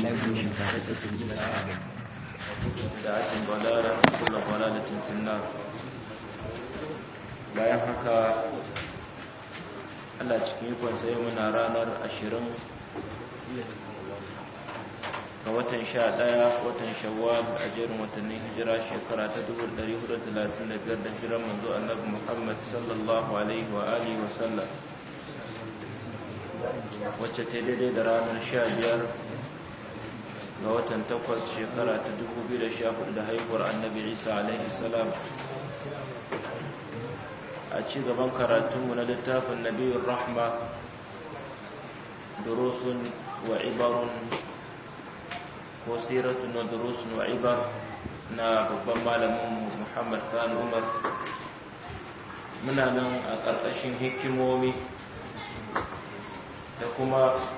sa'atin balara kula balalatin tunna bayan haka ana cikin ikon sai muna ranar ashirin ga watan sha ɗaya watan shawwal a jerin watannin hijira shekara ta 1435 da hijiran manzo annabi muhammad sallallahu alaihi wa alihi wa sallam wacce ta daidai da ranar sha biyar ga watan takwas shekara ta 2014 da haihuwar annabi isa alaihi salam a ci gaban karatunmu na littafin nabiyun rahma durusun wa ibarun ko siratun wa durusun wa ibar na babban malamin muhammad Sani umar muna nan a ƙarƙashin hikimomi da kuma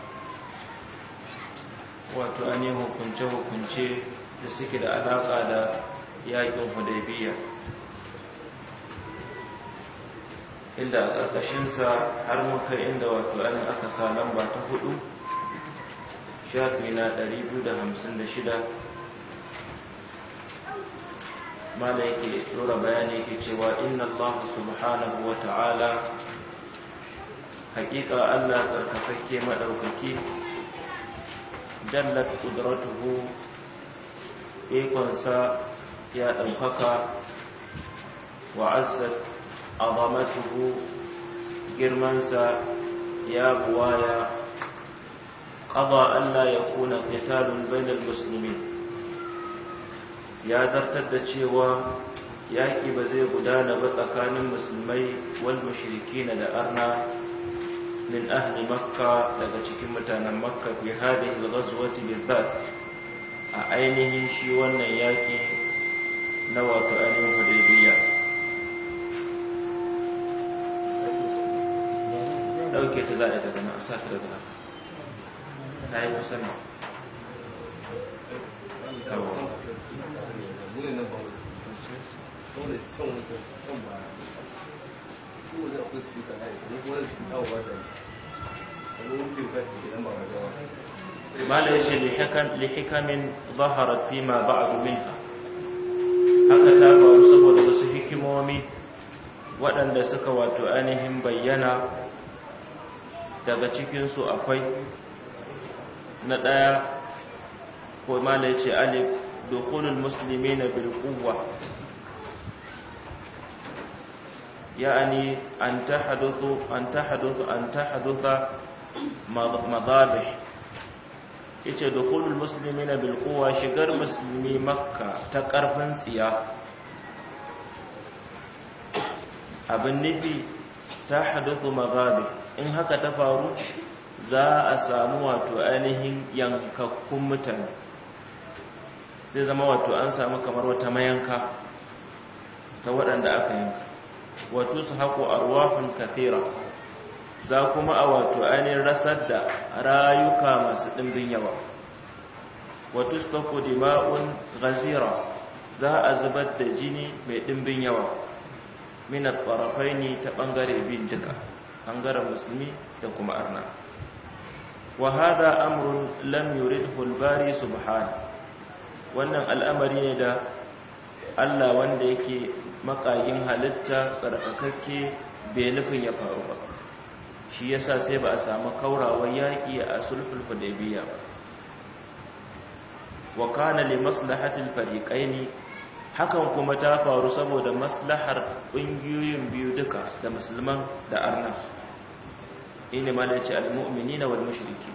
wato an yi hukunce-hukunce da suke da alaƙa da yaƙin hudaybiya inda a ƙarƙashinsa har muka inda wato an aka sa lamba ta hudu shafi na 256 ma da yake tsora bayani yake cewa inna Allah subhanahu wa ta'ala haƙiƙa Allah tsarkakakke maɗaukaki dallat kudratuhu ikonsa ya ɗaukaka wa azzat azamatuhu girmansa ya buwaya qada Allah ya kuna qitalun bainal muslimin ya zartar da cewa yaƙi ba zai gudana ba tsakanin musulmai wal mushrikina da arna min ahli makka daga cikin mutanen makka bi hadhihi al-ghazwati bilbat a ainihin shi wannan yaki na wato ainihin hudaybiya dauke ta za'a daga nan asar daga nan ta yi kusa Eh, malam ce lihikamin zaharar fima ba'adu minha haka ta faru saboda wasu hikimomi waɗanda suka wato ainihin bayyana daga cikinsu akwai na ɗaya ko malam alif dukunul musulmi na bilkuwa يعني أن تحدث أن تحدث أن تحدث مضابح yace dukhulul muslimina bil quwa shigar musulmi makka ta karfin siya abin nufi ta hadathu maghadi in haka ta faru za a samu wato ainihin yankakkun mutane zai zama wato an samu kamar wata mayanka ta waɗanda aka yanka wa tuzhaqu arwahun kathira za kuma a wato ainihin rasar da rayuka masu ɗimbin yawa wa tusfaqu dima'un ghazira za a zubar da jini mai ɗimbin yawa min al-tarafaini ta ɓangare bin duka bangaren musulmi da kuma arna wa hada amrun lam yuridhu al wannan al'amari ne da Allah wanda yake makayin halitta tsarkakakke bai nufin ya faru ba shi yasa sai ba a samu kaurawar yaƙi a sulhul hudaybiya ba wa kana li maslahatil fariqaini hakan kuma ta faru saboda maslahar ƙungiyoyin biyu duka da musulman da arna ina malaci al-mu'minina wal mushriki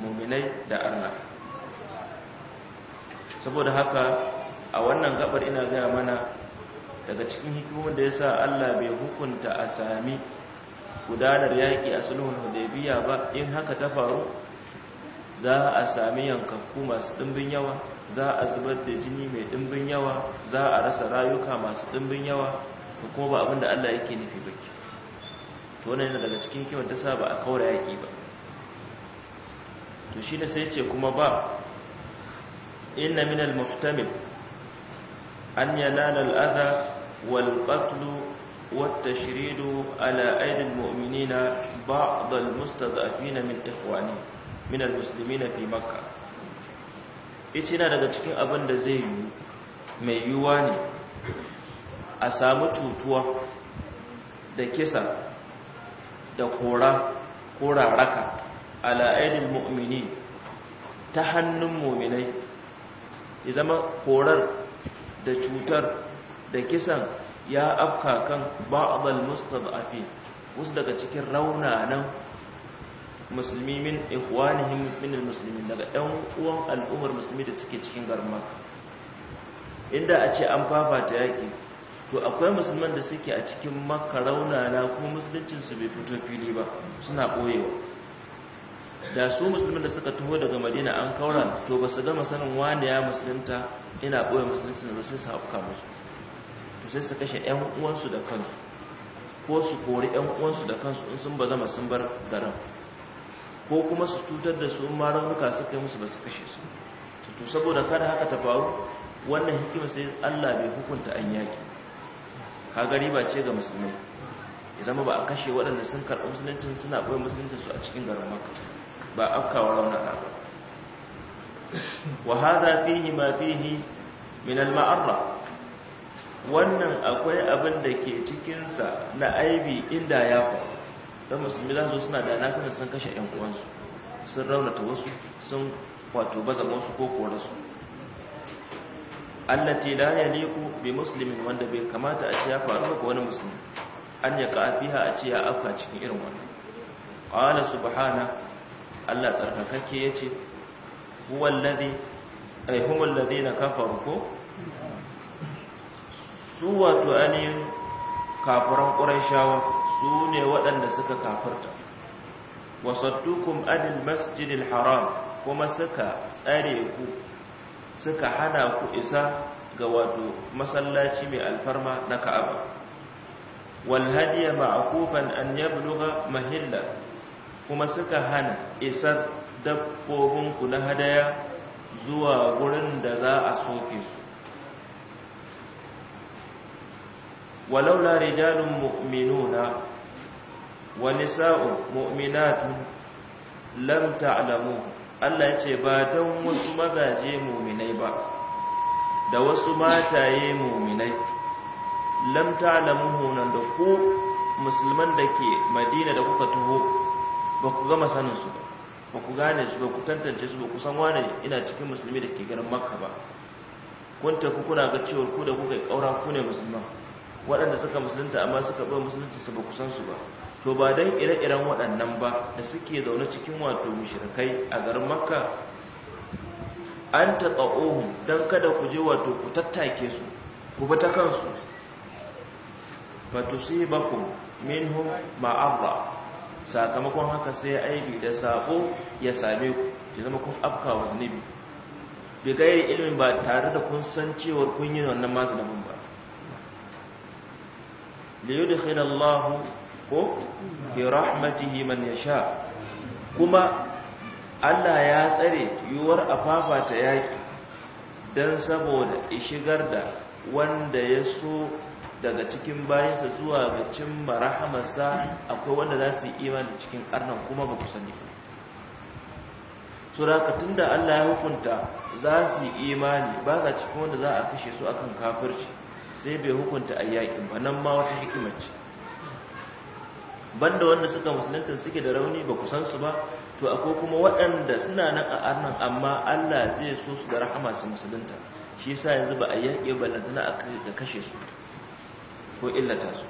mu'minai da arna saboda haka a wannan gabar ina gaya mana daga cikin hikimar da ya sa Allah bai hukunta a sami gudanar yaƙi a sulhun hudaybiya ba in haka ta faru za a sami yankakku masu ɗimbin yawa za a zubar da jini mai ɗimbin yawa za a rasa rayuka masu ɗimbin yawa ko kuma ba abin da Allah yake nufi ba ke to wannan yana daga cikin kiwon ta sa ba a kaura yaƙi ba to shi ne sai ce kuma ba inna minal muhtamil an yanala al'adha wal qatl wat tashrid ala mu'minina ba'd al mustad'afin min ikhwani min al muslimin fi makkah yace na daga cikin abin da zai yi mai yiwuwa ne a sami cutuwa da kisa da kora ko raraka ala aidil mu'mini ta hannun mu'minai ya zama korar da cutar da kisan ya afka kan ba'adal mustad'afi wasu daga cikin raunanan musulmi min ikhwanihim min almuslimin daga ɗan uwan al'ummar musulmi da suke cikin garma inda a ce an fafata yaƙi to akwai musulman da suke a cikin makka raunana kuma musuluncinsu bai fito fili ba suna ɓoyewa da su musulmin da suka taho daga madina an kauran to ba su gama sanin wani ya musulunta ina ɓoye musulunci da sai su hauka musu to sai su kashe yan uwansu da kansu ko su kori yan uwansu da kansu in sun ba zama sun bar garin ko kuma su cutar da su ma ramuka su kai musu ba su kashe su to saboda kada haka ta faru wannan hikima sai Allah bai hukunta an yaki ka gari ba ce ga musulmai ya zama ba a kashe waɗanda sun karɓi musulunci suna ɓoye musulunci su a cikin garin makka ba afkawa raunaka wa haza fihi ma fihi min al-ma'arra wannan akwai abin da ke cikin sa na aibi inda ya faru dan musulmi za su suna da nasarar sun kashe ƴan uwansu sun raunata wasu sun wato baza wasu ko kore su allati la yaliku bi muslimin wanda bai kamata a ce ya faru ga wani musulmi an ya kafiha a ce ya afka cikin irin wannan qala subhana Allah tsarkakakke ya ce huwan lade na kafaru ko su wato ainihin kafuran ƙurai shawa su ne waɗanda suka kafurta wasattukum adil masjidil haram kuma suka tsare ku suka hana ku isa ga wato masallaci mai alfarma na ka'aba wal hadiya ma'kufan an yabluga mahilla kuma suka hana isar dabbobinku na hadaya zuwa gurin da za a soke su walaula rijalun na wani sa'un mu'minatun lamta alamu Allah ya ce ba don wasu mazaje muminai ba da wasu mataye muminai lamta alamu hunan da ku musulman da ke Madina da kuka tuho ba ku gama sanin ba ba ku gane su ba ku tantance su ba ku san wane ina cikin musulmi da ke garin makka ba kun tafi kuna ga cewar ku da kuka kaura ku ne musulman waɗanda suka musulunta amma suka ba musulunci su ba ku san su ba to ba dan ire-iren waɗannan ba da suke zaune cikin wato mushrikai a garin makka an ta tsa'ohu don kada ku je wato ku tattake su ku bi ta kansu ba tu ba ku minhum ma'abba sakamakon haka sai aiki da sako ya same ku ya zama kun afka wa zunubi bai gairi ilimin ba tare da kun san cewar kun yi wannan masu da ba da yi da ko bi rahmatihi man ya sha kuma Allah ya tsare yiwuwar a fafata yaƙi don saboda ishigar da wanda ya so daga cikin bayansa zuwa ga cimma rahamarsa akwai wanda za su yi imani cikin arnan kuma ba ku sani ba so da Allah ya hukunta za su yi imani ba za cikin wanda za a kashe su akan kafirci sai bai hukunta a yaƙin ba nan ma wata hikimarci banda wanda suka musulunta suke da rauni ba ku san su ba to akwai kuma waɗanda suna nan a arnan amma Allah zai so su da rahama su musulunta shi yasa yanzu ba a yaƙe ballantana da kashe su ko illata su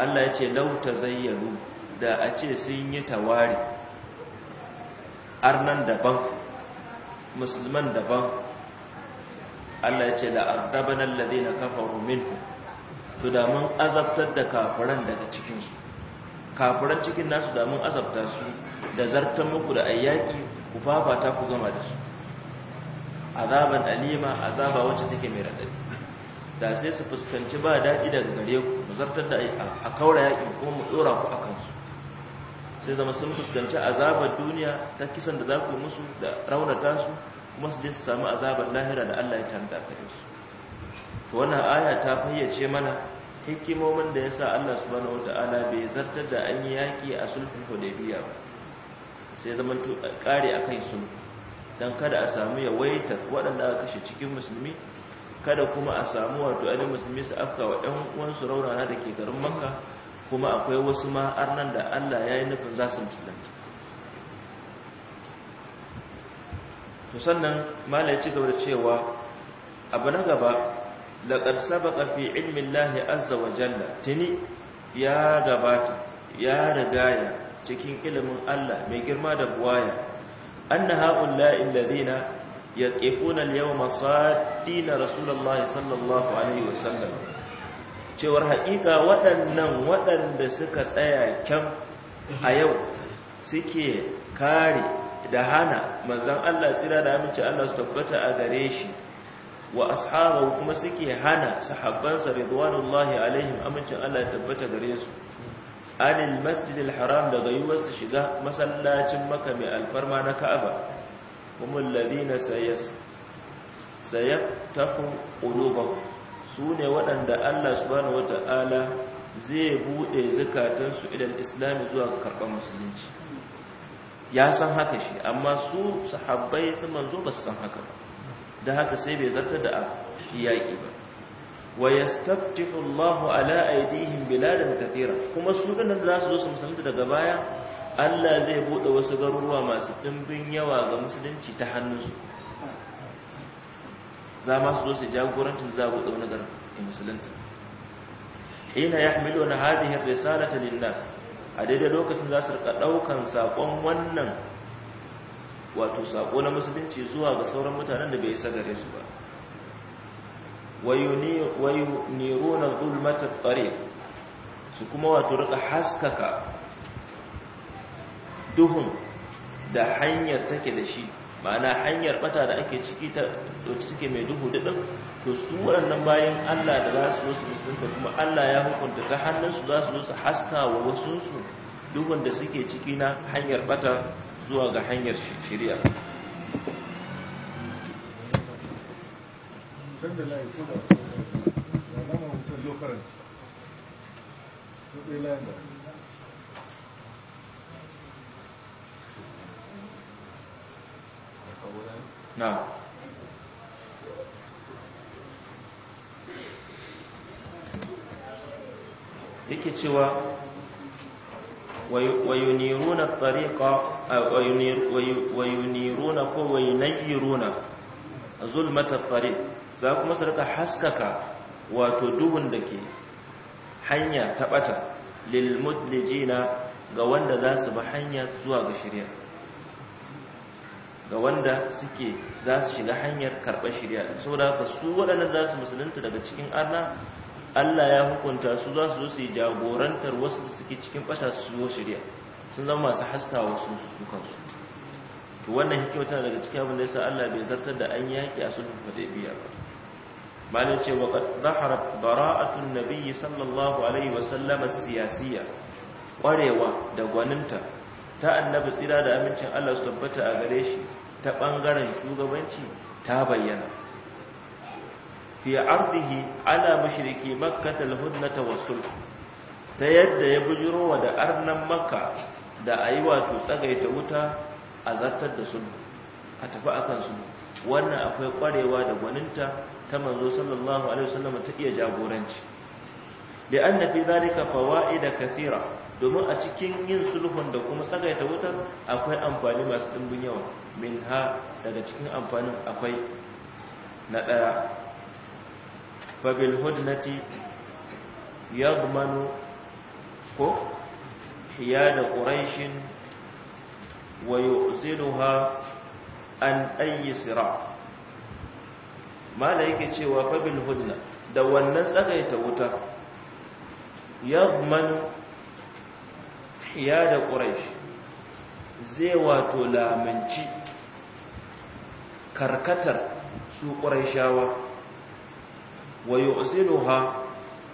Allah ya ce lau zayyaru da a ce sun yi tawari arnan daban musulman daban Allah ya ce da ardabana na kafaru minhu to da mun azabtar da kafiran daga cikinsu. kafiran cikin nasu da mun azabta su da zartan muku da ayyaki ku fafata ku gama da su azaban alima azaba wacce take mai radadi da sai su fuskanci ba daɗi daga gare ku mu zartar da a kaura yaƙi ko mu ɗora ku a kansu sai zama sun fuskanci azabar duniya ta kisan da za ku musu da raunata su kuma su je su samu azabar lahira da Allah ya tanda gare su to wannan aya ta fayyace mana hikimomin da yasa Allah subhanahu wata'ala bai zartar da an yi yaƙi a sulhun hudaybiya ba sai zaman to kare akan sulhu dan kada a samu yawaitar waɗanda aka kashe cikin musulmi kada kuma a samu wato ainihin musulmi su afka wa ɗan uwansu raurana da ke garin makka kuma akwai wasu ma arnan da allah ya yi nufin za su musulunta to sannan mala ci gaba da cewa abu na gaba ƙarsa sabaƙa fi ilmin lahi azza wa jalla tuni ya gabata ya rigaya cikin ilimin allah mai girma da buwaya an na haƙun la'in يقفون اليوم صادين رسول الله sallallahu alaihi wa sallam. cewar haƙiƙa waɗannan waɗanda suka tsaya kyan a yau suke kare da hana mazan Allah tsira da amince Allah su tabbata a gare shi wa ashabahu kuma suke hana sahabbansa ridwanullahi alaihim amincin Allah ya tabbata gare su anil masjidil haram daga yiwuwar su shiga masallacin maka mai alfarma na Ka'aba humul ladina sayas sayaftahu su ne waɗanda Allah subhanahu wata'ala zai buɗe zakatansu idan islami zuwa karɓar musulunci ya san haka shi amma su sahabbai su manzo ba su san haka ba da haka sai bai zarta da yaƙi ba wa yastaftihu Allahu ala aydihim biladan kathira kuma su da za su zo su musulunta daga baya Allah zai buɗe wasu garuruwa masu ɗimbin yawa ga musulunci ta hannunsu za ma su zo su za a bude wani garin musulunta hina ya hamilu na hadihin risalata linnas a daidai lokacin za su rika ɗaukan saƙon wannan wato saƙo na musulunci zuwa ga sauran mutanen da bai isa gare su ba wayu niruna zulmatar ƙare su kuma wato rika haskaka duhun da hanyar take da shi ma'ana hanyar bata da ake ciki ta wacce suke mai duhu da to su waɗannan bayan Allah da za su wasu su kuma Allah ya hukunta ta hannunsu za su wasu haska wa wasunsu duhun da suke ciki na hanyar bata zuwa ga hanyar shirya Thank you. yake cewa wayuniruna tariqa wayuniruna ko wayunayiruna zulmata tariq za kuma su rika haskaka wato duhun da ke hanya ta lil mudlijina ga wanda za su bi hanya zuwa ga shari'a ga wanda suke za su shiga hanyar karɓar shirya saboda haka su waɗannan za su musulunta daga cikin Allah Allah ya hukunta su za su zo su yi jagorantar wasu da suke cikin ɓata su zo shirya sun zama masu haskawa su su su kansu to wannan hikimta daga cikin abin da yasa Allah bai zartar da an yaƙi a sulhul biya ba malin ce wa zaharat bara'atun nabiy sallallahu alaihi wa sallama siyasiya kwarewa da gwaninta ta annabi tsira da amincin Allah su tabbata a gare shi ta ɓangaren shugabanci ta bayyana fi ardihi ala mushriki makka talhunnata wasul ta yadda ya bujirowa da arnan makka da ayi wato tsagaita wuta a zartar da sulhu a tafi akan su. wannan akwai kwarewa da gwaninta ta manzo sallallahu alaihi wasallam ta iya jagoranci li anna fi zalika fawaida kathira domin a cikin yin sulhun da kuma tsagaita wutar akwai amfani masu ɗimbin yawa min ha daga cikin amfanin akwai na ɗaya babil hudnati ya gumanu ko ya da ƙuraishin wayo zinuha an ɗanyi sira yake cewa babil hudna da wannan tsagaita wutar ya gumanu ya da ƙuraish zai wato lamanci karkatar su ƙuraishawa wa yu'ziluha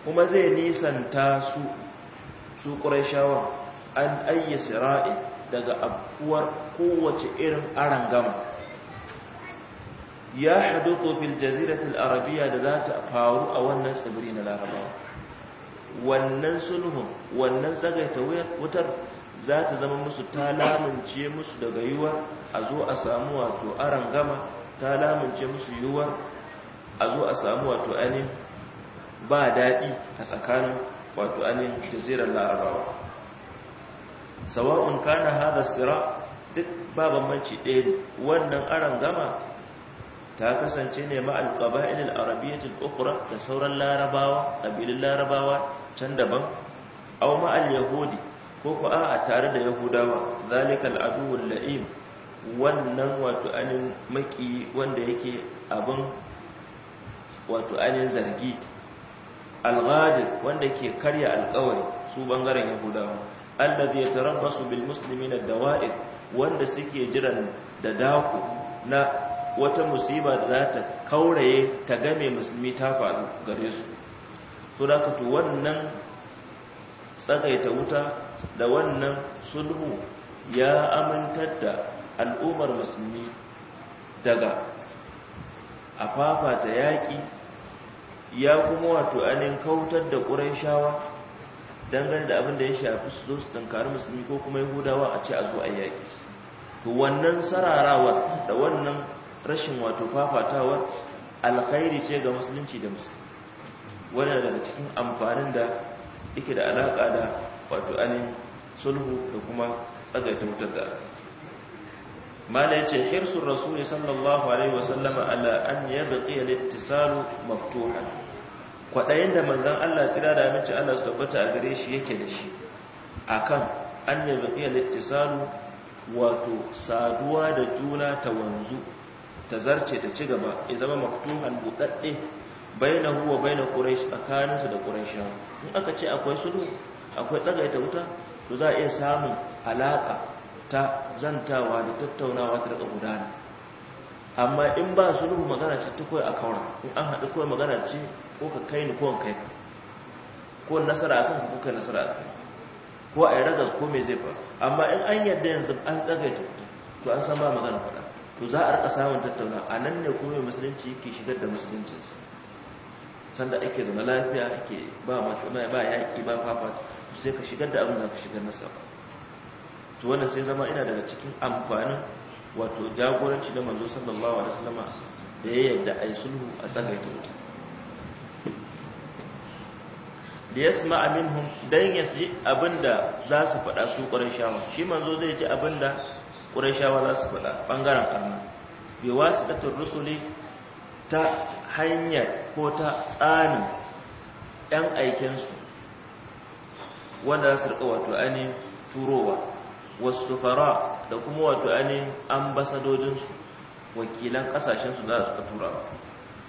kuma zai nisanta su su ƙuraishawa an ayyi sira'i daga abuwar kowace irin gama. ya haɗu fil jaziratul arabiya da za ta faru a wannan tsibiri na larabawa wannan sulhun wannan tsagaita wutar za ta zama musu ta lamince musu daga yiwuwar a zo a samu wato aran gama ta lamince musu yiwuwar a zo a samu wato ainihin ba daɗi a tsakanin wato ainihin jazirar larabawa sawa'un kana hada sira duk ba manci ɗaya ne wannan aran gama ta kasance ne ma alƙaba'ilil arabiyyatul ukhra da sauran larabawa ƙabilun larabawa can daban aw ma'al yahudi ko ko a tare da yahudawa zalikal aduwul la'im wannan wato anin maki wanda yake abin wato anin zargi ghadir wanda ke karya alkawari su bangaren yahudawa allazi yatarabbasu bil ad dawa'id wanda suke jiran da daku na wata musiba da za ta kauraye ta game musulmi ta faru gare su to da ka to wannan tsagaita wuta da wannan sulhu ya amintar da al'ummar musulmi daga a ta yaƙi ya kuma wato anin kautar da ƙurai shawa dangane da abin da ya shafi su zo su tankari musulmi ko kuma yahudawa a ce a zo a yaƙi to wannan sararawar da wannan rashin wato fafatawar alkhairi ce ga musulunci da musulmi wannan daga cikin amfanin da yake da alaƙa da wato anin sulhu da kuma tsagaita mutar da mala yace hirsu rasuli sallallahu alaihi wasallama ala an yabqi al-ittisal maftuhan kwadayin da manzon Allah tsira da aminci Allah su tabbata a gare shi yake da shi akan an yabqi al-ittisal wato saduwa da juna ta wanzu ta zarce ta ci gaba ya zama maftuhan budadde bainahu wa baina quraish tsakaninsa da quraisha in aka ce akwai sulhu akwai tsagaita wuta to za a iya samun alaka ta zantawa da tattaunawa ta daga gudana amma in ba sulhu magana ce ta koyi a kawar in an haɗu kawai magana ce ko ka kai ni ko kai ka ko nasara akan ko kai nasara akan ko a yi ragas ko mai zai faru amma in an yadda yanzu an tsagaita wuta to an san ba magana faɗa to za a rika samun tattauna a nan ne kuma musulunci yake shigar da musuluncinsa sanda ake zama lafiya ake ba ba yaƙi ba fafa sai ka shigar da abin da ka shigar nasa to wannan sai zama ina daga cikin amfanin wato jagoranci da manzo sallallahu alaihi wasallam da ya yarda ai sulhu a tsakanin wuta da ya sma aminhum dan ya ji abinda za su faɗa su shawa, shi manzo zai ji abinda shawa za su faɗa ɓangaren arna bi wasu rusuli ta hanyar ko ta tsarin 'yan aikinsu wanda za su riƙa wato ainihin turowa wasu fara da kuma wato ainihin ambasadodinsu wakilan ƙasashensu za su tura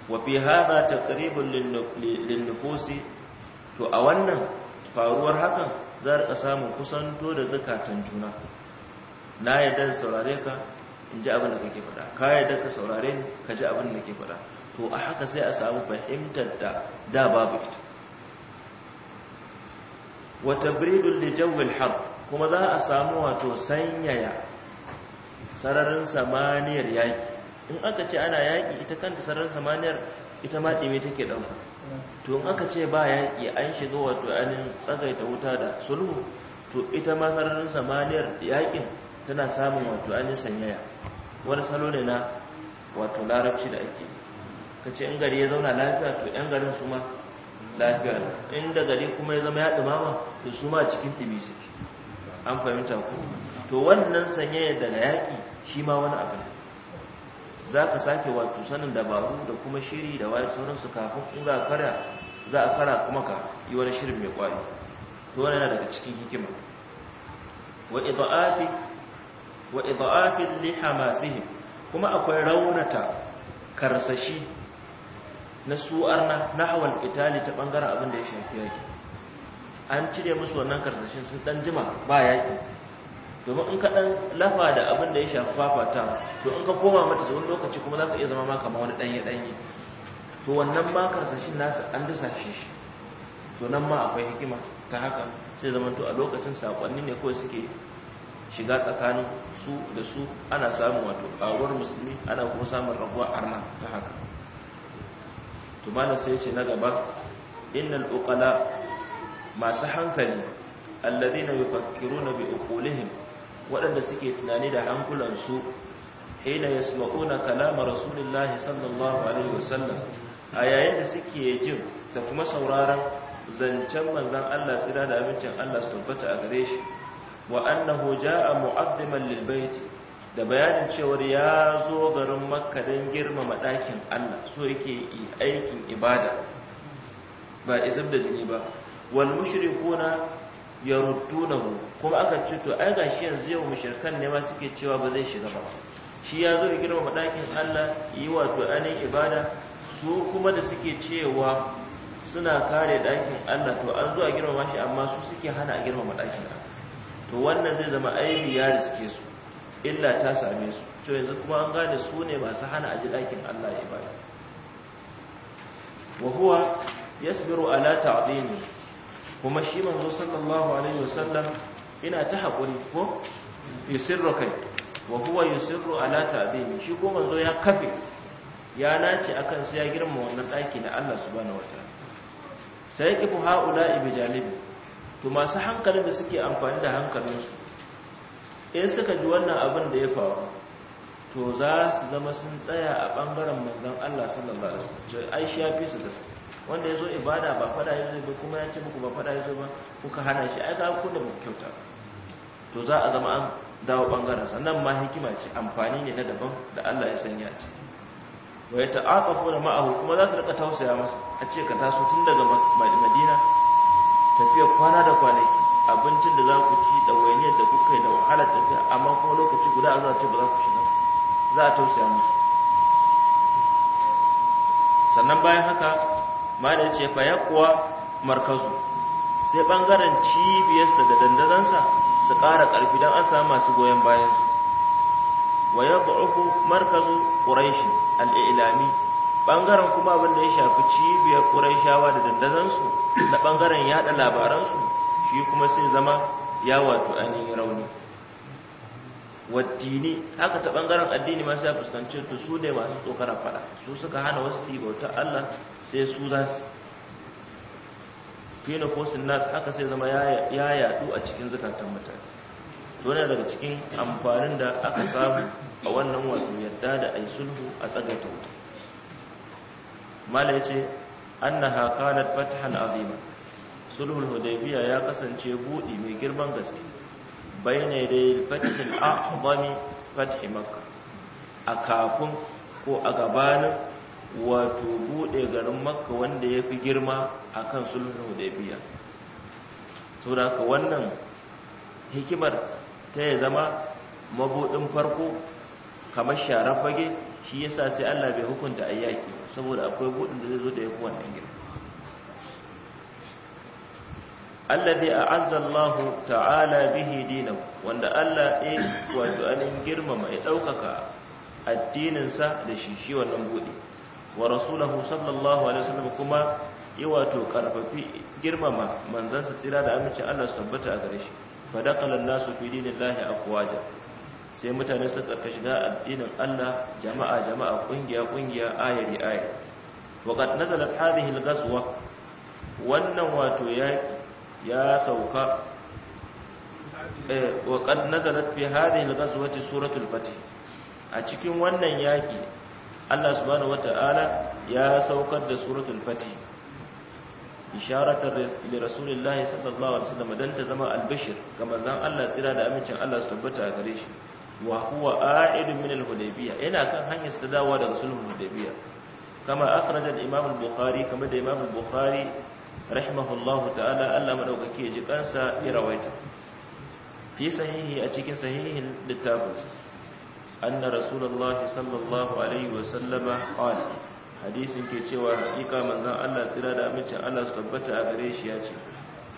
wa fi hada ta lin to a wannan faruwar hakan za a samu kusanto da zukatan juna na yadda saurare ka in ji abin da kake faɗa ka yadda ka saurare ka ji abin da kake faɗa to a haka sai a samu fahimtar da da babu ita wa tabridul li al har kuma za a samu wato sanyaya sararin samaniyar yaki in aka ce ana yaki ita kanta sararin samaniyar ita ma dime take ɗauka? to in aka ce ba yaki an shiga wato anin tsagaita wuta da sulhu to ita ma sararin samaniyar yakin tana samun wato an sanyaya wani salo ne na wato larabci da ake yi ka ce in gari ya zauna lafiya to yan garin su ma lafiya ne, inda gari kuma ya zama ya dumama to su ma cikin dumi suke an fahimta ku to wannan sanyaya daga yaƙi shi ma wani abu ne za ka sake wato sanin dabaru da kuma shiri da wayar sauransu kafin in za a kara za a kara kuma ka yi wani shirin mai kwari to wani yana daga cikin hikima wa ibaafi wa masu kuma akwai raunata karsashi na su'ar na nahawal itali ta bangaren abin da ya shafi yaƙi. an cire musu wannan karsashin sun dan jima ba yaki domin in ka dan lafa da abin da ya shafi fafata to in ka koma mata zuwa lokaci kuma za ka iya zama ma kamar wani danye ɗanye to wannan ma karsashin nasu an dasa shi to nan ma akwai hikima ta haka sai zama to a lokacin sakonni ne kawai suke shiga tsakanin su da su ana samun wato ƙaruwar musulmi ana kuma samun rabuwa arna ta haka to sai ce na gaba innal uqala masu hankali alladhina yufakkiruna bi uqulihim waɗanda suke tunani da hankulansu hina yasma'una kalama rasulillahi sallallahu alaihi wasallam a yayin da suke jin da kuma sauraron zancen manzon Allah tsira da abincin Allah su tabbata a gare shi wa annahu jaa mu'azziman lil da bayanin cewar ya zo garin makka don girmama ɗakin allah so yake aikin ibada ba izin da jini ba wal mushrikuna yaruddunahu kuma aka ce to ai gashi yanzu yau mushirkan ne ma suke cewa ba zai shiga ba shi ya zo da girmama ɗakin allah yi wato anin ibada su kuma da suke cewa suna kare ɗakin allah to an zo a girmama shi amma su suke hana a girmama ɗakin allah to wannan zai zama aibi ya riske su illa ta same su to yanzu kuma an gane su ne masu hana aji ɗakin Allah ya bada wa huwa yasbiru ala ta'dini kuma shi manzo sallallahu alaihi wasallam ina ta hakuri ko yusirru kai wa huwa yusirru ala ta'dini shi ko manzo ya kafe ya nace akan sai ya girma wannan ɗaki na Allah subhanahu wataala sai kifu haula bi janibi to masu hankalin da suke amfani da hankalinsu in suka ji wannan abin da ya faru to za su zama sun tsaya a ɓangaren manzan Allah sallallahu alaihi wasallam ai shi ya su gaske wanda ya zo ibada ba fada ya zo ba kuma ya ce muku ba fada ya zo ba kuka hana shi ai ka ku da muku kyauta to za a zama an dawo ɓangaren sannan ma hikima ce amfani ne na daban da Allah ya sanya ce wa ya ta'aqafu da ma'ahu kuma za su rika tausaya masa a ce ka taso tun daga Madina tafiya kwana da kwanaki abincin da za ku ci da wayaniyar da kuka yi da wahalar tafiya amma kuma lokaci guda a zuwa ba za ku shiga za a tausaya musu sannan bayan haka mana ce fa ya kuwa markazu sai bangaren cibiyarsa da dandazansa su ƙara ƙarfi don an samu masu goyon bayansu wa ya ba'uku markazu ƙuraishi al'ilami bangaren kuma abin da ya shafi cibiyar shawa da dandazansu da bangaren yada labaransu shi kuma sai zama ya wato ainihin rauni waddini haka ta bangaren addini masu ya fuskanci to su ne masu tsokara fada su suka hana wasu su yi bautar Allah sai su za su fina kosin nas haka sai zama ya yadu a cikin zukatan mutane to ne daga cikin amfanin da aka samu a wannan wato yadda da ai sulhu a tsagaita wuta mala an annaha kanat fathan azima sulhun hudaybiya ya kasance budi mai girman gaske bayne da fathil a'zami fath makka a kafin ko a gabanin wato bude garin makka wanda yafi girma akan sulhul hudaybiya to da wannan hikimar ta ya zama mabuɗin farko kamar shara fage shi yasa sai Allah bai hukunta yaki saboda akwai buɗin da zai zo da yafi wannan girma alladhi a'azza Allah ta'ala bihi dinahu wanda Allah ya wato alin girmama ya daukaka addinin sa da shi shi wannan buɗi wa rasulahu sallallahu alaihi wasallam kuma ya wato karfafi girmama manzansa tsira da amince Allah su tabbata a gare shi fa daqala an-nasu fi dinillahi afwaja sai mutane su ka shiga addinin Allah jama'a jama'a kungiya kungiya ayari ayari waqad nazalat hadhihi al-ghazwa wannan wato yaki ya sauka eh, waqad nazalat fi hadhihi al-ghazwati suratul fath a cikin wannan yaki Allah subhanahu wata'ala ya saukar da suratul fath isharatan li rasulillahi sallallahu alaihi wasallam dan ta zama albishir ga manzon Allah tsira da amincin Allah su tabbata a gare shi wa a a'id min yana kan hanyar sa dawowa daga sulhun hudaybiyah kama akhraj al bukhari kama da imam al-bukhari rahimahullahu ta'ala Allah maɗaukaki ya ji kansa ya rawaita fi sahihi a cikin sahihin littafin na rasulallah sallallahu alaihi wa sallama hadisin ke cewa hakika manzon Allah tsira da amincin Allah su tabbata a gare shi ya ce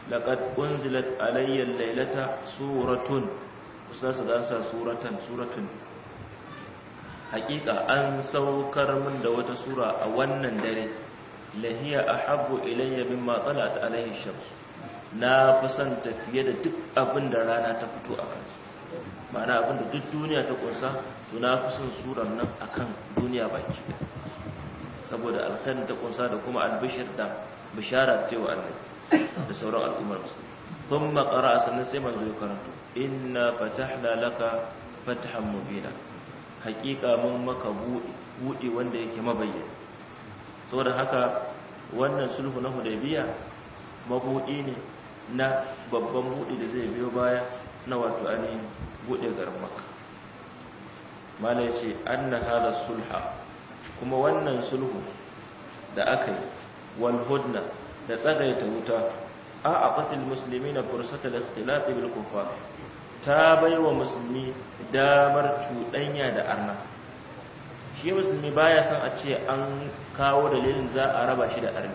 laqad unzilat alayya lailata suratun kusa su sa suratan suratun haqiqa an saukar min da wata sura a wannan dare lahiya ahabbu ilayya mimma talat alayhi shams na kusan tafiye da duk abin da rana ta fito a kansa ma'ana abin da duk duniya ta kunsa to na kusan suran nan akan duniya baki saboda alkhairin ta kunsa da kuma albishir da bishara ta yi wa da sauran al'ummar musulmi kun makara sannan sai manzo ya karanta inna fatahna laka fatahan mubina Haƙiƙa mun maka bude wanda yake Sau saboda haka wannan sulhu na hudaybiya mabuɗi ne na babban buɗe da zai biyo baya na wato ani buɗe garin makka mala hada sulha kuma wannan sulhu da aka yi hudna da tsagaita wuta a'aqat almuslimina fursat al da bil bilkufa ta bai wa musulmi damar cuɗanya da arna shi musulmi baya san a ce an kawo dalilin za a raba shi da arna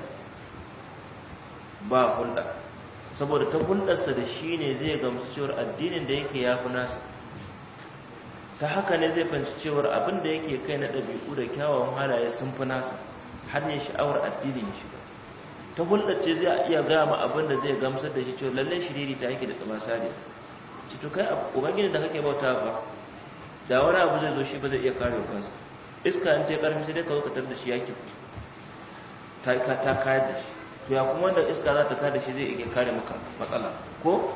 ba hulɗa saboda ta hulɗarsa da shi ne zai gamsu cewar addinin da yake ya fi nasa ta haka ne zai fanci cewar abin da yake kai na ɗabi'u da kyawawan halaye sun fi nasa har ne sha'awar addinin shiga ta hulɗar ce zai iya gaya ma abin da zai gamsar da shi cewa lallai shiriri ta yake da tsamasariya ci to kai ubangiji da kake bauta ba da wani abu zai zo shi ba zai iya kare kansa iska in ce karfi sai dai ka zo ka tar da shi yaki ta ta kayar da shi to ya kuma wanda iska za ta kare da shi zai iya kare maka matsala ko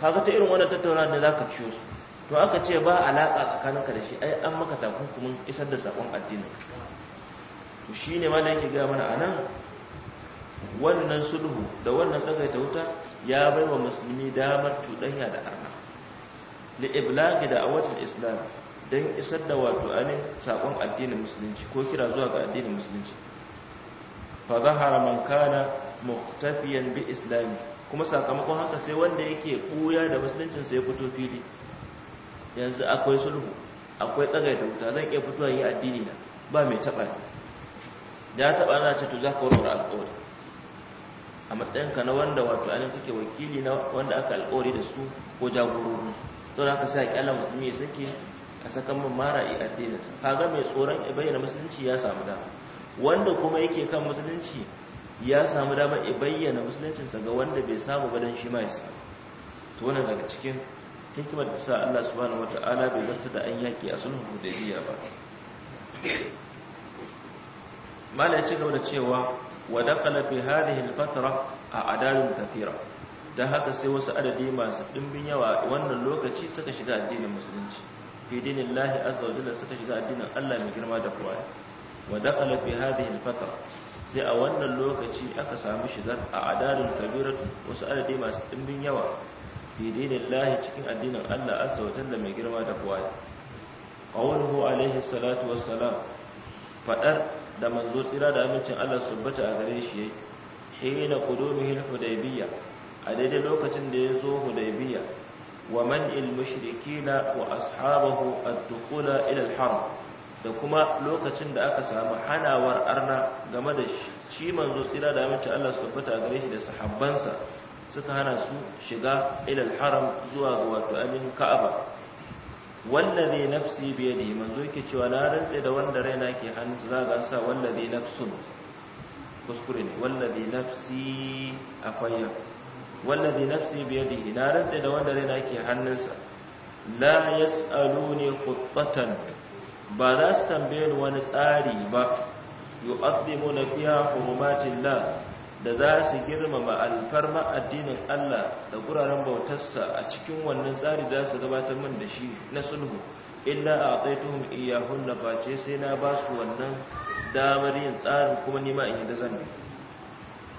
ga ta irin wannan tattaunawa ne zaka ciyo su to aka ce ba alaka tsakaninka da shi ai an maka takunkumin isar da sakon addinin to shine ma yake ga mana anan wannan sulhu da wannan tsagaita wuta ya bai wa musulmi damar cuɗanya da arna li iblaghi da awatul islam dan isar da wato anin sakon addinin musulunci ko kira zuwa ga addinin musulunci fa zahara man kana muhtafiyan bi islami kuma sakamakon haka sai wanda yake kuya da musuluncin sai ya fito fili yanzu akwai sulhu akwai tsagaita wuta zan iya fitowa yi addini na ba mai taba ya taba ana ce to ka warware alƙawari a matsayinka na wanda wato ainihin kake wakili na wanda aka alƙawari da su ko jagororin to da aka sa ƙyalan musulmi ya sake a sakan min mara a addininsa kaga mai tsoron ya bayyana musulunci ya samu dama wanda kuma yake kan musulunci ya samu dama ya bayyana musuluncinsa ga wanda bai samu ba don shi ma ya samu to wannan daga cikin hikimar da sa Allah subhanahu wata'ala bai zarta da an yaki a sulhun hudaybiya ba mala ya ci gaba da cewa ودخل في هذه الفترة أعداد كثيرة da haka sai wasu adadi masu ɗimbin yawa wannan lokaci suka shiga addinin musulunci fi dinin lahi azza wa jalla suka shiga addinin Allah mai girma da kuwa wa dakhala fi hadhihi al-fatra sai a wannan lokaci aka samu shigar a adalin kabirat wasu adadi masu ɗimbin yawa fi dinin lahi cikin addinin Allah azza wa jalla mai girma da kuwa qawluhu alaihi salatu wassalam fadar da manzo tsira da amincin Allah subbata a gare shi yayi hina qudumihi hudaybiyya a daidai lokacin da ya zo hudaybiyya wa man'il mushrikina wa ashabahu ad-dukhul ila al-haram da kuma lokacin da aka samu hanawar arna game da shi manzo tsira da amincin Allah subbata a gare shi da sahabbansa suka hana su shiga ila al-haram zuwa ga wato amin ka'aba wallazi nafsi bi yadi zo yake cewa na rantse da wanda raina ke hannu za ga sa wallazi nafsun kuskure ne wallazi nafsi akwai wallazi nafsi bi yadi na rantse da wanda raina ke hannunsa la yasaluni qutbatan ba za su tambaye wani tsari ba yu'azzimuna fiha hurumatillah da za su girmama alfarma addinin Allah da guraren bautarsa a cikin wannan tsari za su gabatar min da shi na sulhu illa a tsaituhun iyahun na face sai na ba su wannan damar yin tsarin kuma nima in yi da zan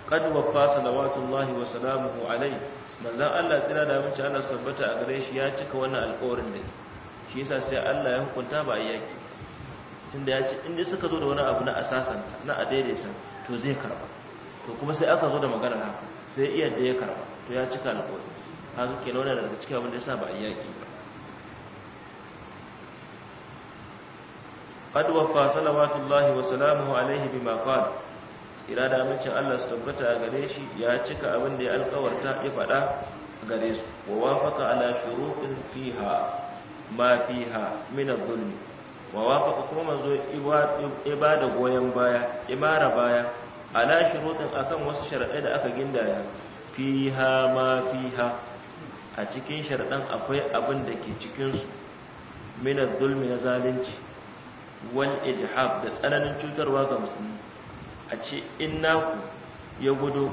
da wafa salawatullahi wa salamuhu alai manzan Allah tsira da mace Allah tabbata a gare shi ya cika wannan alƙawarin da shi yasa sai Allah ya hukunta ba yaki tunda ya ce in suka zo da wani abu na asasanta, na a to zai karba to kuma sai aka zo da magana haka sai iya da ya karba to ya cika alƙawari haka ke nuna daga cikin abin da ya sa ba a yaki ba قد وفى صلوات wa وسلامه Alayhi bima qala ira da amincin Allah su tabbata a gare shi ya cika abin da ya alkawarta ya faɗa gare su wa wafaqa ala shurutin fiha ma fiha min adh-dhulm wa wafaqa kuma manzo ibada goyen baya imara baya ala shurutin akan wasu sharadai da aka gindaya fiha ma fiha a cikin sharadan akwai abin da ke cikinsu minar zulmi na zalunci wal idhab da tsananin cutarwa ga musulmi a ce in naku ya gudu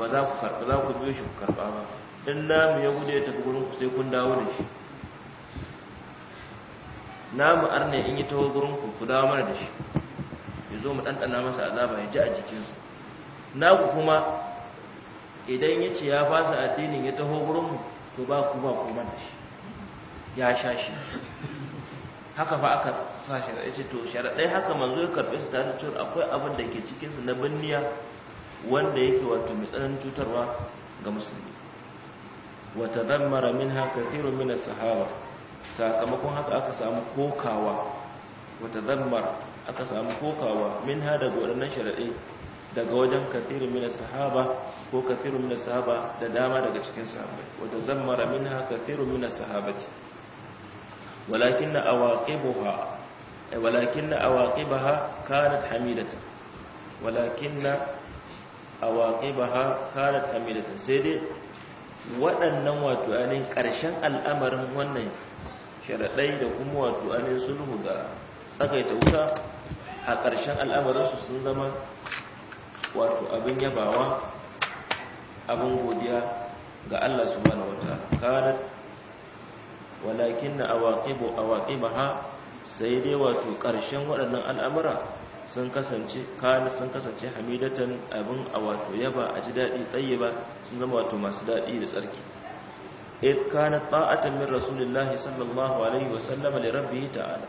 ba za ku karba za ku biyo shi ku karɓa ba in namu ya gudu ya tafi gurin ku sai kun dawo da shi namu arne in yi taho gurin ku ku dawo mana da shi ya zo mu ɗanɗana masa azaba ya ji a jikinsa naku kuma idan ya ce ya fasa addinin ya taho gurinmu to ba ku ba ku mana shi ya sha shi haka fa aka sa sharaɗai ce to sharaɗai haka manzo ya karɓi su tare cewa akwai abin da ke cikinsu na binniya wanda yake wato mai tsananin cutarwa ga musulmi wata mara min haka tirun min sahaba sakamakon haka aka samu kokawa wata mara aka samu kokawa min ha daga waɗannan sharaɗe daga wajen kafirin mina sahaba ko kafirin mina sahaba da dama daga cikin sahabai wata zammara min ha kafirin mina sahabati walakin na awaƙibaha eh, kanat hamidata walakin na kanat hamidata sai dai waɗannan wato ainihin ƙarshen al'amarin wannan sharaɗai da kuma wato ainihin sulhu da tsakaita wuta a ƙarshen al'amarinsu sun zama wato abin yabawa abin godiya ga Allah subhanahu wata kanar walakin na ba ha sai dai wato ƙarshen waɗannan al'amura sun kasance kanar sun kasance hamidatan abin a wato yaba a ji daɗi tsaye ba, sun zama wato masu daɗi da tsarki إذ كانت طاعة من رسول الله صلى الله عليه وسلم لربه تعالى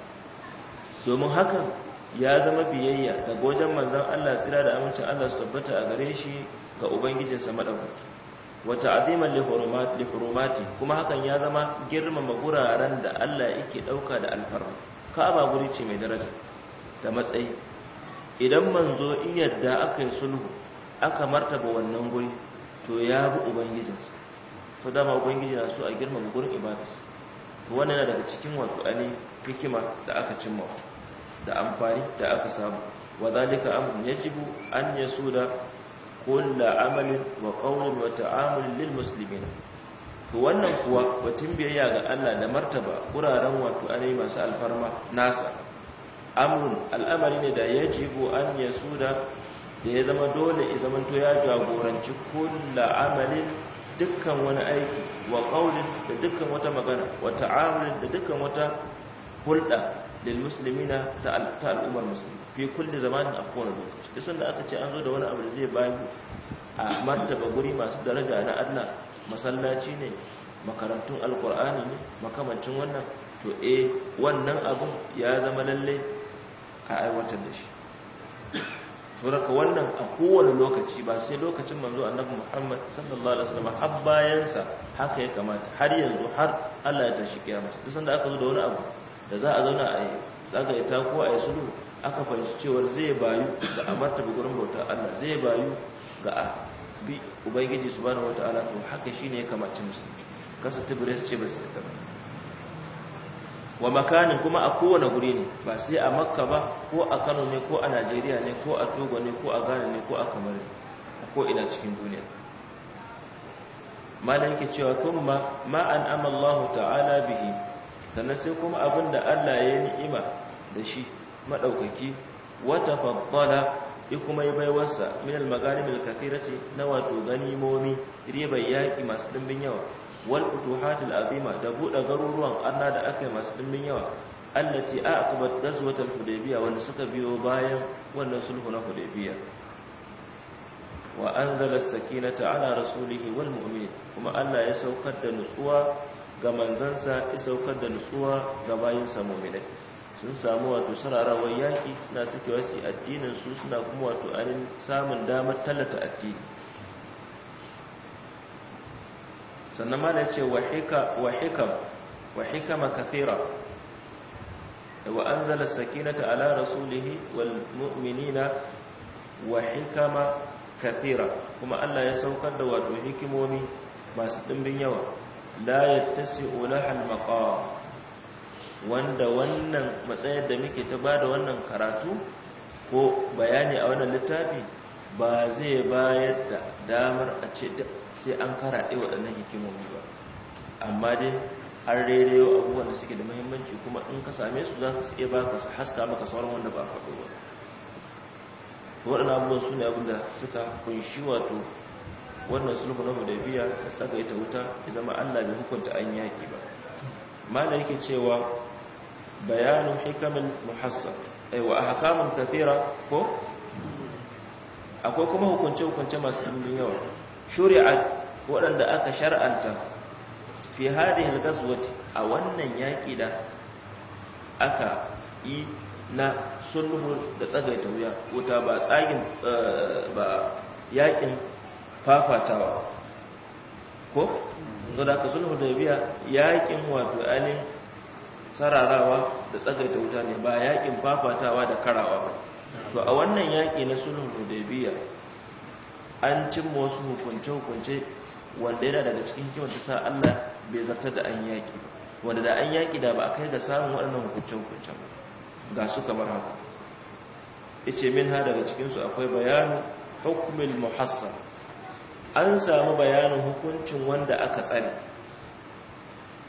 domin hakan ya zama biyayya daga wajen manzan Allah tsira da amincin Allah su tabbata a gare shi ga ubangijinsa madaukaki wata azimar li kuma hakan ya zama girmama guraren da Allah yake ɗauka da alfarma Ka'aba guri ce mai daraja da matsayi idan manzo iyadda aka yi sulhu aka martaba wannan guri to ya bi ubangijinsa to dama ubangiji na so a girmama gurin ibadarsa to wannan daga cikin wato hikima da aka cimma da amfani da aka samu wa zalika amrun yajibu an yasuda kullu amalin wa qawlin wa ta'amulin lil muslimin to wannan kuwa batun biyayya ga Allah da martaba kuraren wato anai masu alfarma nasa amrun al'amari ne da yajibu an yasuda da ya zama dole ya zama to ya jagoranci kullu amalin dukkan wani aiki wa qawlin da dukkan wata magana wa ta'amulin da dukkan wata hulɗa lil muslimina ta al'ummar musulmi fi kulli zamanin a lokaci duk sanda aka ce an zo da wani abu da zai bayu a martaba guri masu daraja na Allah masallaci ne makarantun alkur'ani ne makamancin wannan to eh wannan abun ya zama lalle a aiwatar da shi saboda wannan a kowane lokaci ba sai lokacin manzo annabi Muhammad sallallahu alaihi wasallam har bayansa haka ya kamata har yanzu har Allah ya tashi kiyama duk sanda aka zo da wani abu da za a zauna a yi tsaga ita ko a yi sulhu aka fahimci cewar zai bayu ga amarta gurin bauta Allah zai bayu ga a bi ubangiji su wata wataala to haka shine ya kamaci musu kasa tibire ce ba su da wa makanin kuma a kowane guri ne ba sai a makka ba ko a kano ne ko a najeriya ne ko a togo ne ko a ghana ne ko a kamar ko ina cikin duniya malam yake cewa kuma ma an amallahu ta'ala bihi sannan sai kuma abin da Allah ya yi ni'ima da shi madaukaki wa tafaddala ya kuma yi baiwarsa min al-magharib al-kathirati na wato gani ganimomi ribar yaki masu dimbin yawa wal futuhat al-azima da buɗe garuruwan Allah da aka yi masu dimbin yawa allati aqabat ghazwat al-hudaybiyah wanda suka biyo bayan wannan sulhu na hudaybiyah wa anzala as-sakinata ala rasulihi wal mu'minin kuma Allah ya saukar da nutsuwa ga manzansa isaukar da nutsuwa ga bayinsa mu'minai sun samu wato sararawar yaƙi suna suke wasu addinin su suna kuma wato anin samun damar tallata addini sannan ma da ce wa hikama kafira wa an zala sakinata ala rasulihi wal mu'minina wa hikama kafira kuma Allah ya saukar da wato hikimomi masu ɗimbin yawa la yattasi'u laha al-maqam wanda wannan matsayar da muke ta bada wannan karatu ko bayani a wannan littafi ba zai bayar da damar a ce sai an karaɗe waɗannan hikimomi ba amma dai an yau abubuwan da suke da muhimmanci kuma in ka same su za ka iya baka su haska maka sauran wanda ba faɗo ba waɗannan abubuwan su ne abin da suka kunshi wato wannan sulhu na hudaybiya saka ita wuta ya zama Allah bai hukunta an yaki ba malam yake cewa bayanin hikamin hikamul muhassab wa hakamun tafira ko akwai kuma hukunce hukunce masu dimbin yawa Shuri'ar waɗanda aka shar'anta fi hadhihi al a wannan yaki da aka yi na sulhu da tsagaita wuya wuta ba tsagin eh, ba yakin fafatawa ko zo da aka sulhu da biya yaƙin wato ainihin sararawa da tsagaita wuta ne ba yaƙin fafatawa da karawa ba to a wannan yaƙi na sulhu da biya an cimma wasu hukunce-hukunce wanda yana daga cikin kiwon ta sa Allah bai zarta da an yaƙi wanda da an yaƙi da ba a kai ga samun waɗannan hukunce hukunce ga su kamar haka ice min ha daga cikinsu akwai bayanu hukumin muhassar an samu bayanin hukuncin wanda aka tsare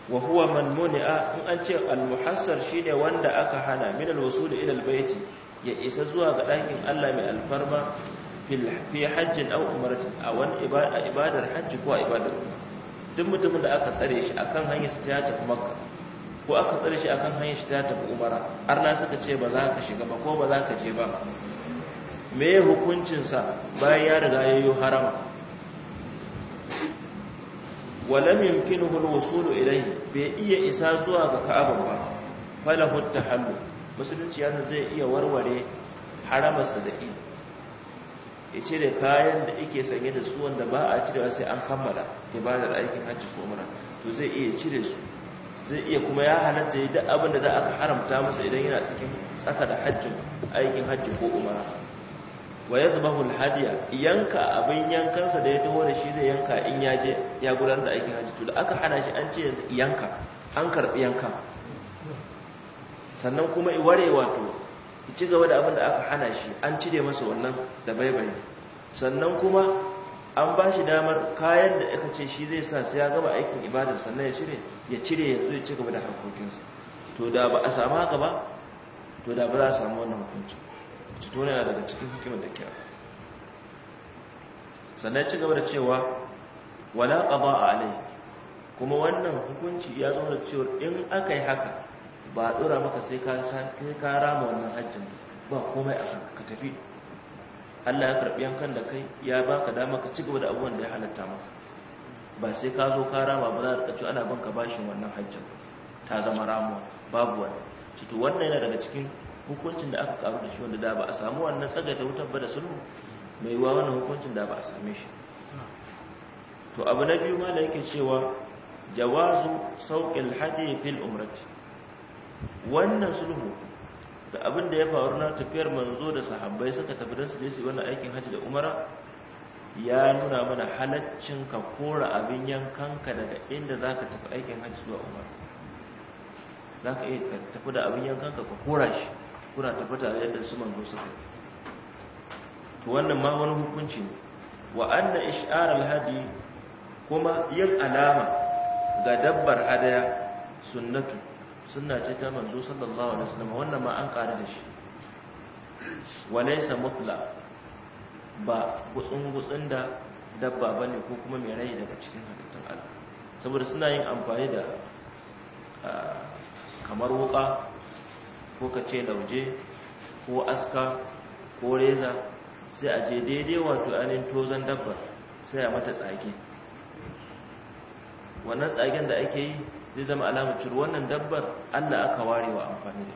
wa huwa man in an ce al-muhassar ne wanda aka hana min al-wusul ila al-bayti ya isa zuwa ga dakin Allah mai alfarma fi hajjin aw umratin a wani ibadar hajji ko ibadar duk mutumin da aka tsare shi akan hanyar sa ta tafi makka ko aka tsare shi akan hanyar shi ta tafi umara har na suka ce ba za ka shiga ba ko ba za ka je ba me hukuncinsa bayan ya riga yayi harama ولم يمكنه الوصول إليه بإي إساسها كأبا الله فله التحمل musulunci yana zai iya warware haramarsa da iya ya cire kayan da ike sanye da su wanda ba a cirewa sai an kammala ibadar aikin hajji ko umra to zai iya cire su zai iya kuma ya halatta yi duk abin da za a haramta masa idan yana cikin tsaka da hajjin aikin hajji ko umra wa yadhbahu al-hadiya yanka abin yankansa da ya taho da shi zai yanka in ya je ya gudanar da aikin hajji to da aka hana shi an ce yanzu yanka an karɓi yanka sannan kuma i ware wato i ci gaba da abin da aka hana shi an cire masa wannan da baibaye sannan kuma an ba shi damar kayan da aka ce shi zai sa sai ya gaba aikin ibadar sannan ya cire ya cire ya zo ya ci gaba da harkokinsa to da ba a samu haka ba to da ba za a samu wannan hukuncin cito yana daga cikin hikimar da kira sannan ci gaba da cewa wala qada alai kuma wannan hukunci ya zo da cewa in aka yi haka ba dora maka sai ka sai ka rama wannan hajjin ba komai a ka tafi Allah ya karbi yankan da kai ya baka dama ka ci gaba da abubuwan da ya halatta maka ba sai ka zo ka rama ba za ka ci ana banka bashin wannan hajjin ta zama ramuwa babu wani cito wannan yana daga cikin hukuncin da aka karu da shi wanda da ba a samu wannan ta wutar ba da sulhu mai yiwuwa wannan hukuncin da ba a same shi to abu na biyu ma da yake cewa jawazu sauƙin hadi fil umrati wannan sulhu da abin da ya faru na tafiyar manzo da sahabbai suka tafi da su je su wannan aikin hajji da umara ya nuna mana halaccin ka kora abin yankanka daga inda za ka tafi aikin hajji zuwa umara za ka iya tafi da abin yankanka ka kora shi kuna tabbata a yadda su manzo suka to wannan ma wani hukunci ne wa anna ish'ar al-hadi kuma yin alama ga dabbar hadaya sunnatu sunna ce ta manzo sallallahu alaihi wasallam wannan ma an kare da shi wa laysa mutla ba gutsun gutsun da dabba bane ko kuma mai rai daga cikin halittun Allah saboda suna yin amfani da ah, kamar wuka ko ka ce lauje ko aska ko reza sai a je daidai wato anin tozon dabba sai a mata tsage wannan tsagen da ake yi zai zama alamacin wannan dabbar allah aka ware wa amfani da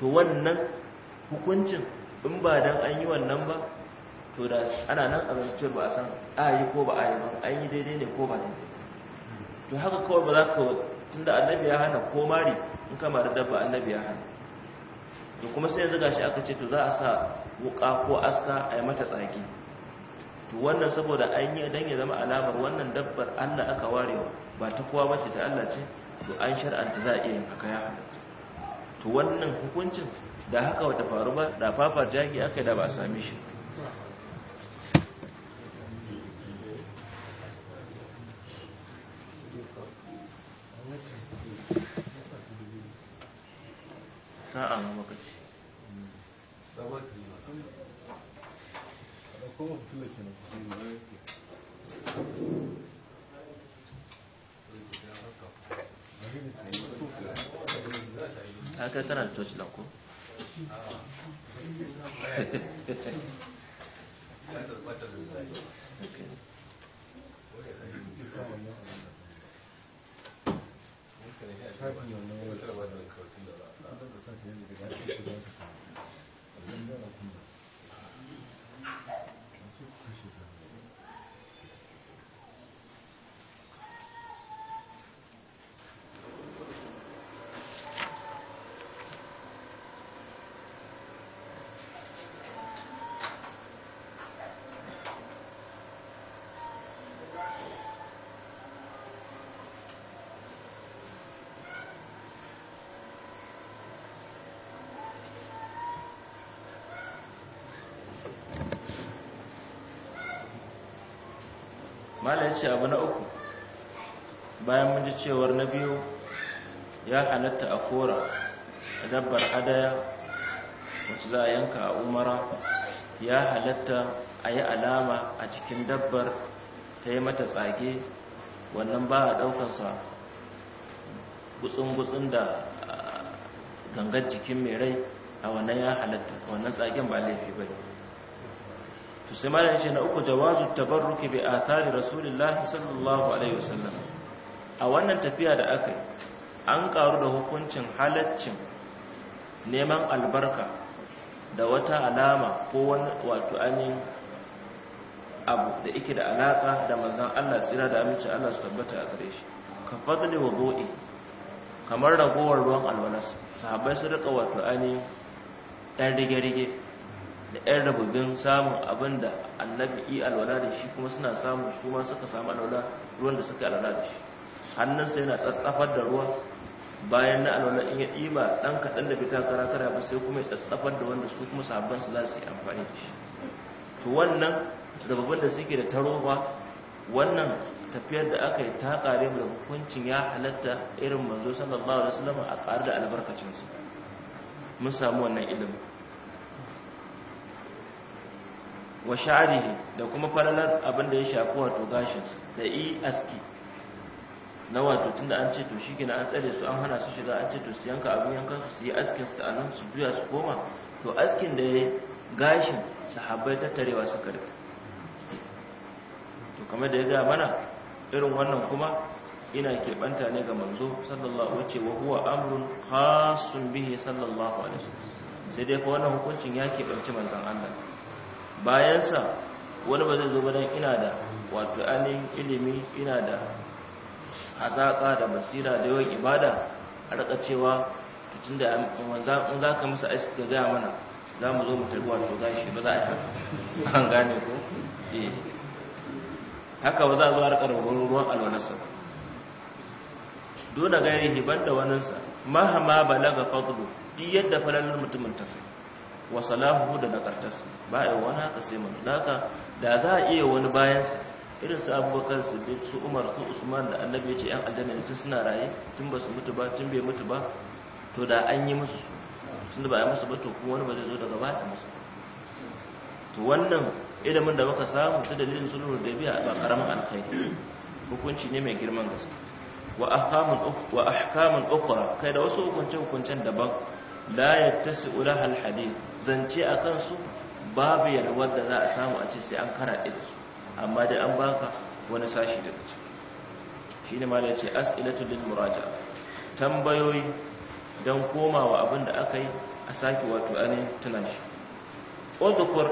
to wannan hukuncin in ba don an yi wannan ba to da ana nan a zarce ba a san a yi ko ba a yi ba an yi daidai ne ko ba daidai to haka kawai ba za ka tunda annabi ya hana ko mari in kama da dabba annabi ya hana to kuma sai yanzu gashi aka ce to za a sa wuka ko aska a yi mata tsaki to wannan saboda an yi dan ya zama alamar wannan dabbar Allah aka warewa ba ta kowa bace ta Allah ce to an shar'anta za a iya yin haka ya hana to wannan hukuncin da haka wata faru ba da fafar jagi aka yi da ba a same shi تطلق ya ce abu na uku bayan mun ji cewar na biyu ya halatta a kora a dabbar hadaya wacce za a yanka a umara ya halatta a yi alama a cikin dabbar ta yi mata tsage wannan ba a ɗaukansa gutsun-gutsun da ah, gangar jikin mai rai a wannan ya halatta wannan tsagen ba laifi ba to sai malam yace na uku jawazu tabarruki bi athari rasulillah sallallahu alaihi wasallam a wannan tafiya da aka an karu da hukuncin halaccin neman albarka da wata alama ko wani wato anin abu da yake da alaka da manzon Allah tsira da aminci Allah su tabbata a gare shi ka fadli wa bu'i kamar ragowar ruwan alwalas sahabbai su rika wato anin dan rige-rige da yan rababin samun abin da annabi yi alwala da shi kuma suna samun su ma suka samu alwala ruwan da suka alwala da shi hannunsa yana tsatsafar da ruwa bayan na alwala in ya ɗiba ɗan kaɗan da fita kara kara ba sai kuma ya tsatsafar da wanda su kuma sabon su za su yi amfani da shi to wannan rababin da suke da taro wannan tafiyar da aka yi ta ƙare da hukuncin ya halatta irin manzo sallallahu alaihi wasallam a ƙare da albarkacinsu mun samu wannan ilimin wa sha'rihi da kuma falalar abin da ya shafi wato gashin da yi aski na wato tun da an ce to gina an tsare su an hana su shiga an ce to su yanka abin yankan su yi askin su a nan su juya su koma to askin da ya gashin sahabbai tarewa su karfi to kamar da ya ga mana irin wannan kuma ina keɓanta ne ga manzo sallallahu wace wa huwa amrun khasun bihi sallallahu alaihi wasallam sai dai ko wannan hukuncin ya keɓanci manzon Allah bayansa wani ba zai zo ba ina da wato ainihin ilimi ina da hazaƙa da basira da yawan ibada a raka cewa tutun da in za ka masa aiki ka gaya mana za mu zo mu tarbi wato shi ba za a yi an gane ko eh. haka ba za a zo a rika rubar ruwan alwalarsa dole gairi hiban da waninsa mahama balaga fadlu duk yadda falalar mutumin ta wa salahuhu da nagartarsa ba a yi wani haka sai manulaka da za a iya wani su, irin su abubakar siddiq su umar su usman da annabi ya ce yan aljanna tun suna raye tun ba su mutu ba tun bai mutu ba to da an yi musu su tun da ba a yi musu ba to kuma wani ba zai zo daga baya musu to wannan ilimin da muka samu ta dalilin sulhu da biya ba karamin alkhairi hukunci ne mai girman gaske wa ahkamun ukhra kai da wasu hukunce hukuncen daban la yattasi laha alhadith zance akan su babu yalwar da za a samu a ce sai an karaɗe da amma dai an baka wani sashi da su shine ma da ce as'ilatu lil muraja tambayoyi don komawa abin da aka yi a sake wato ainihin tunan shi udhkur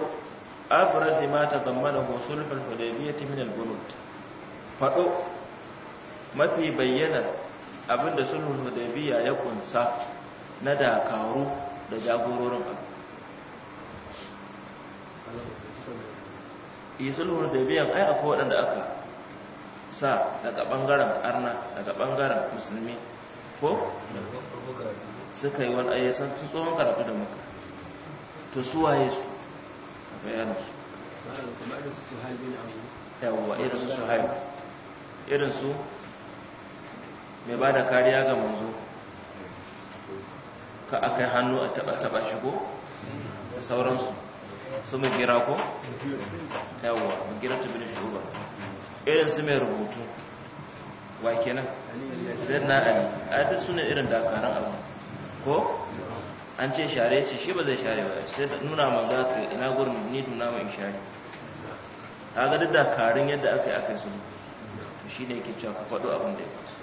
abrazi ma tadammanahu sulhul hudaybiyyah min al fado mafi bayyana abinda sulhul hudaybiyya ya kunsa na dakaru da jagororin abu da biyan ai akwai waɗanda aka sa daga ɓangaren arna daga ɓangaren musulmi ko suka yi wani ayyasan sun tsohon karatu da maka to su waye su a bayanin su yawwa irin su su haifu irin su mai ba da kariya ga manzo ka a kai hannu a taba-taba shigo da sauransu su mai gira ko? yawon mai gira ta bin ba irin su mai rubutu wa kenan zai na ali a ta suna irin dakaran abu ko an ce share ce shi ba zai share ba sai da nuna ma za ka ina gurin ni nuna ma in share ta ga duk dakarun yadda aka yi aka yi su shi ne ke cewa ka faɗo abin da ya fasu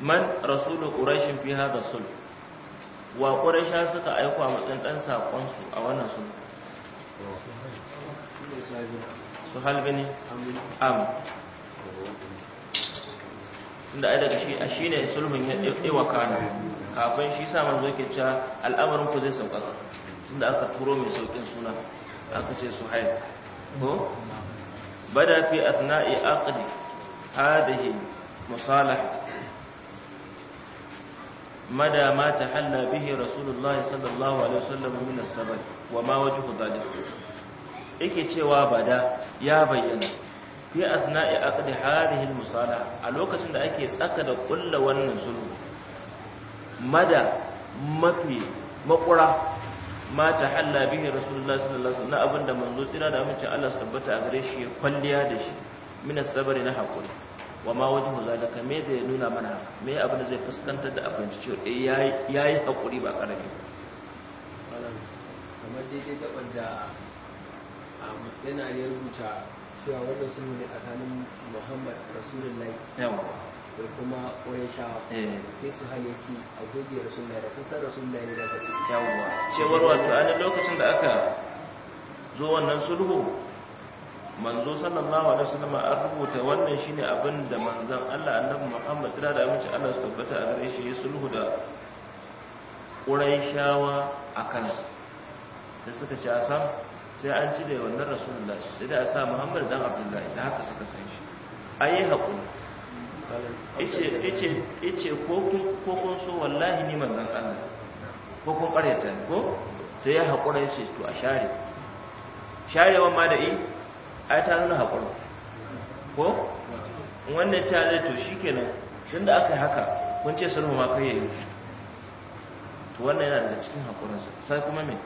man rasulu quraishin fi hadha sul wa quraisha suka aiko a matsayin dan sakon su a wannan sul hal bin am tunda ai daga shi a shine sulhun ya tsewa kana kafin shi sa manzo yake cewa al'amarin ku zai sauka tunda aka turo mai saukin suna aka ce suhail ko bada fi asna'i aqdi hadhihi musalah مدى ما تحلى به رسول الله صلى الله عليه وسلم من السبب وما وجه ذلك yake cewa bada ya bayyana fi asna'i aqdi hadhihi al-musalaha a lokacin da ake tsaka da kullu wannan sulhu mada mafi makura ma ta halla bihi rasulullahi sallallahu alaihi wasallam abinda manzo tsira da amince Allah tabbata a gare kwalliya da shi min as-sabri na hakuri wa ma hu zalika me zai nuna mana me abin da zai fuskantar da abin cewa eh yayi yayi hakuri ba karami kamar daidai gaban da a matsayin ya rubuta cewa wannan sun ne tsakanin Muhammad Rasulullahi yawa da kuma Qurayshawa eh. sai su hane ci a gobe Rasulullahi da sassan Rasulullahi ne da su yawa cewar wato a lokacin da aka zo wannan sulhu manzo sallallahu alaihi wasallam an rubuta wannan shine abin da manzon Allah annabi Muhammad sallallahu alaihi wasallam Allah su tabbata a gare shi sulhu da Quraishawa akan da suka ci asa sai an ci da wannan Rasulullah sai da sa Muhammad dan Abdullah da haka suka san shi ayi hakuri yace yace yace ko kun ko kun so wallahi ni manzon Allah ko kun ƙaryata ko sai ya ya yace to a share sharewa ma da eh ai ta nuna haƙuri ko wannan ta zai to shi kenan tun da aka yi haka kun ce sulhu ma kai yayi to wannan yana daga cikin haƙurinsa sai kuma me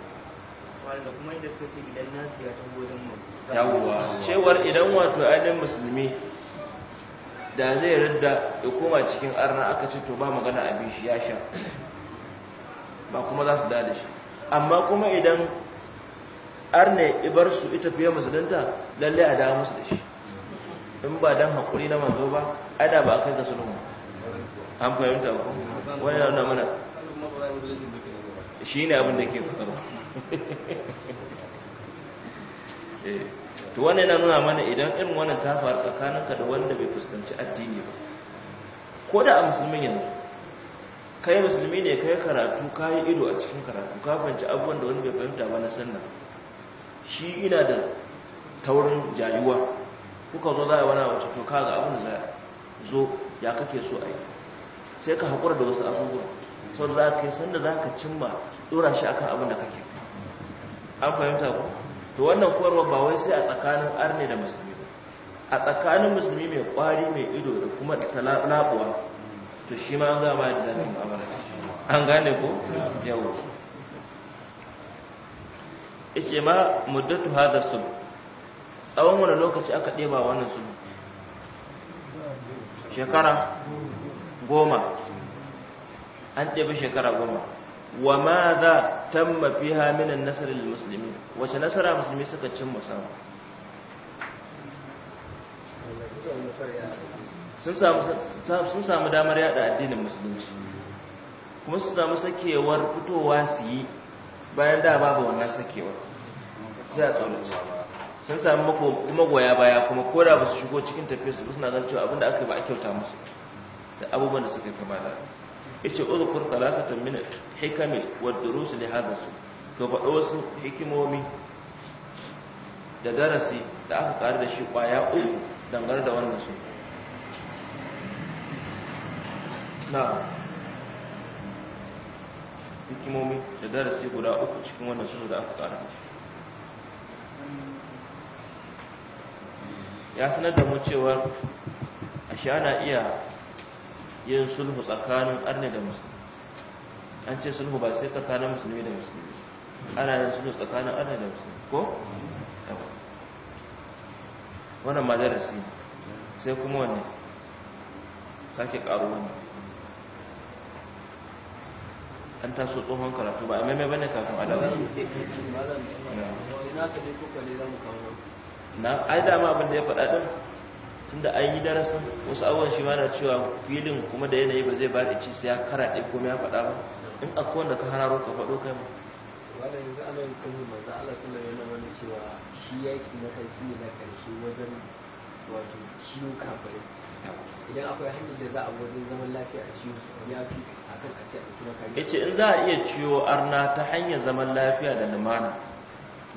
wanda kuma idan suka ce idan nasu ya ta wajen mu yawwa cewar idan wato ainihin musulmi da zai ridda ya koma cikin arna aka ce to ba magana abin shi ya sha ba kuma za su da shi amma kuma idan arne ibar su ita fiye musulunta lalle a dawo musu da shi in ba don haƙuri na manzo ba ai da ba kai ga sulhu an fahimta ku wani na mana shi ne abin da ke kusurwa eh, to wani yana nuna mana idan irin wani ta faru tsakaninka da wanda bai fuskanci addini ba ko da a musulmin yanzu kai musulmi ne kai karatu kayi ido a cikin karatu ka fahimci abubuwan da wani bai fahimta ba na sannan shi ina da taurin jayuwa kuka zo za a wani wacce to ka ga abin da zo ya kake so a yi sai ka haƙura da wasu abubuwa sau da za ka yi sanda za ka cimma tsora shi akan abin da kake an fahimta ku to wannan koyarwa ba wai sai a tsakanin arne da musulmi a tsakanin musulmi mai kwari mai ido da kuma talabuwa to shi ma an gama da zafin Amurka. an gane ko yawon ce ma muddatu hada sulu tsawon wani lokaci aka ɗeba wannan sulu shekara goma an ɗeba shekara goma wa ma za ta mafi haminan nasarar musulmi wace nasara musulmi suka cin musamman sun samu damar yada addinin musulunci kuma su samu sakewar fitowa su yi bayan da babu wannan sakewar sai a tsoron jama'a sun sami magoya baya kuma ko da ba su shigo cikin tafiye su suna zan cewa abinda aka ba a kyauta musu da abubuwan da suka kama da yace talasa ta min hikami wa durus li hadha su to faɗo wasu hikimomi da darasi da aka ƙari da shi ƙwaya uku dangane da wannan su na hikimomi da darasi guda uku cikin wannan su da aka ƙari da shi ya sanar da mu cewar ashe ana iya yin sulhu tsakanin arne da musulmi an ce sulhu ba sai tsakanin musulmi da musulmi ana yin sulhu tsakanin arne da musulmi ko wannan majalisi sai kuma wani sake karu wani an taso tsohon karatu ba a maimai bane kafin adawa nasa ne ko na ai dama abin da ya faɗa tun da an yi darasin wasu abubuwan shi ma na cewa filin kuma da yanayi ba zai ba da ci sai ya karaɗe kuma ya faɗa ba in a kowane da ka hararo ka faɗo kai ma wanda yanzu ana yin tsohon manzo Allah sallallahu yana wani cewa shi yaki mataki ne na karshe wajen wato ciwo kafare idan akwai hanyar da za a wajen zaman lafiya a ciwo ya fi akan a ce a ciwo ya ce in za a iya ciwo arna ta hanyar zaman lafiya da lumana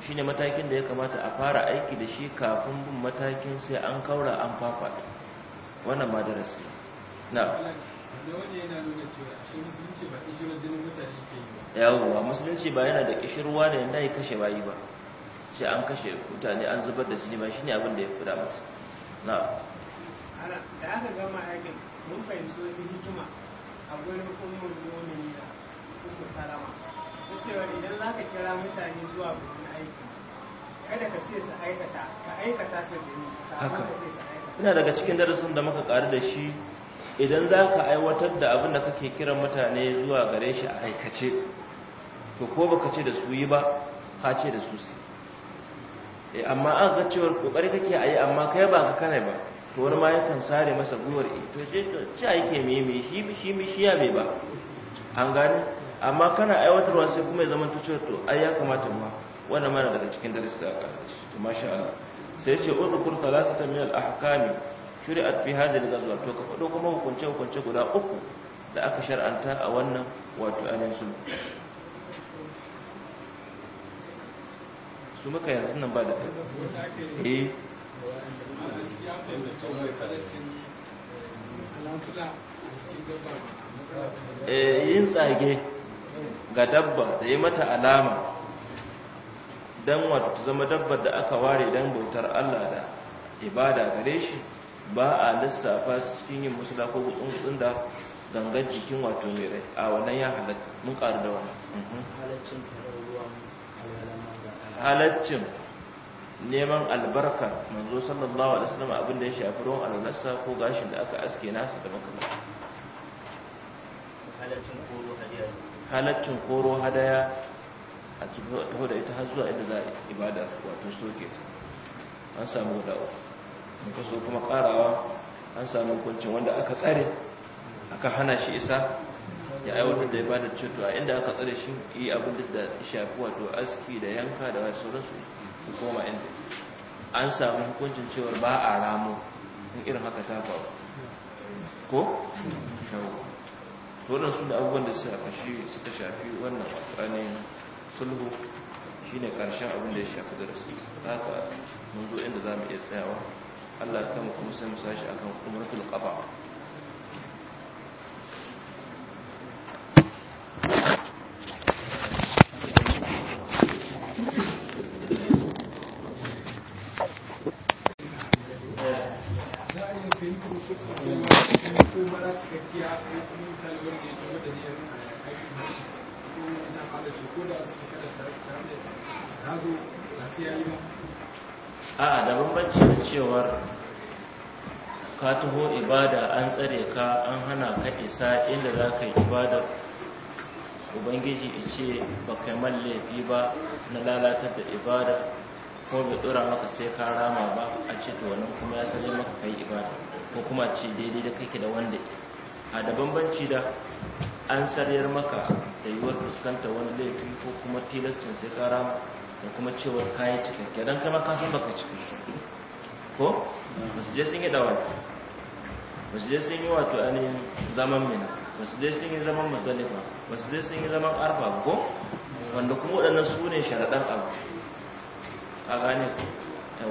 shine matakin da ya kamata a fara aiki da shi kafin bin matakin sai an kaura an fafa wannan ma darasi na yawon musulunci ba yana da kishirwa da yanda ya kashe bayi ba ce an kashe mutane an zubar da jini ba shine abin da ya fi damar na da aka gama yakin mun fahimci wani hikima a gwani kuma wani wani ne da kuma salama cewa ce su aikata ka ina daga cikin darasin da muka karu da shi idan za ka aiwatar da abin da kake kiran mutane zuwa gare shi a aikace to ko baka ce da su yi ba ka ce da su su eh, amma an ga cewar kokari kake a yi amma kai ba ka kanai ba to wani ma yakan sare masa gwiwar eh, to ce to ce yake me me shi shi shi ya ba an gani. amma kana aiwatarwa sai kuma ya zama tuce to ai ya kamata ma wannan mana daga cikin darasi da aka shi to masha Allah sai ce udkur thalathatan min al-ahkami shuri'at fi hadhihi al-ghazwa to ka fado kuma hukunce hukunce guda uku da aka shar'anta a wannan wato anan sun su muka yanzu nan ba da kai eh, eh yin tsage ga dabba da yi mata alama don wata zama dabbar da aka ware don bautar Allah da ibada gare shi ba a lissafa cikin yin musula ko tsuntsun da gangar jikin wato mai rai a wannan ya halatta mun karu da wani mhm. halaccin neman albarka manzo sallallahu alaihi wasallam abin da ya shafi ruwan alnasa ko gashin da aka aske nasa da makamata halaccin ko hadiya halaccin koro hadaya a taho da ita har zuwa inda za a ibada wato soke an samu dawo in ka so kuma karawa an samu hukuncin wanda aka tsare aka hana shi isa ya aiwatar da ibadar ceto a inda aka tsare shi yi abin da shafi wato aski da yanka da wasu rasu su koma inda an samu hukuncin cewar ba a ramo in irin haka ta faru ko? waɗansu da abubuwan da suka shafi wannan ainihin sulhu shi ne ƙarshen abin da ya shafi da darasi haka mun zo inda za mu iya tsayawa allah ta mu kuma sai mu sashi akan umarfin ƙafa a'a da bambanci da cewar ka taho ibada an tsare ka an hana ka isa inda za ka yi ibada ubangiji ce ba kai man laifi ba na lalatar da ibada ko bai dora maka sai ka rama ba a ce to wannan kuma ya sanya maka kai ibada ko kuma ce daidai da kake da wanda a da bambanci da an sarayar maka da yiwuwar fuskanta wani laifi ko kuma tilastin sai ka rama da kuma cewa kayi cikakke don kama kasan baka cikakke ko ba su je sun yi dawa ba su je sun yi wato ainihin zaman mina ba su je sun yi zaman mazalifa ba su je sun yi zaman arfa ko wanda kuma waɗannan su ne sharaɗar abu a gane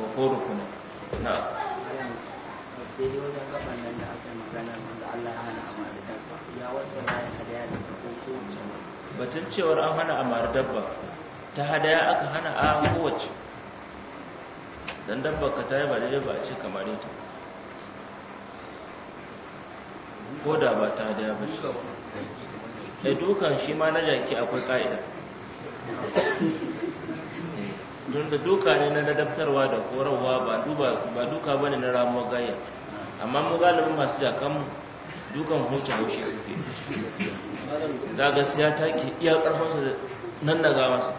wa ko rukunan na sai dai wajen gaban nan da aka magana Allah hana batun cewar an hana amara dabba ta hadaya aka hana a kowace don dabba ka ta yi ba daidai ba a ce kamar ta ko da ba ta hadaya ba ce ya dukan shi ma na jaki akwai ka'ida don da duka ne na ladabtarwa da horarwa ba duka ba ne na ramuwar gayya amma mu galibin masu jakanmu dukan huce haushe suke za gaskiya ta ke iya ƙarfinsa nan na ga masa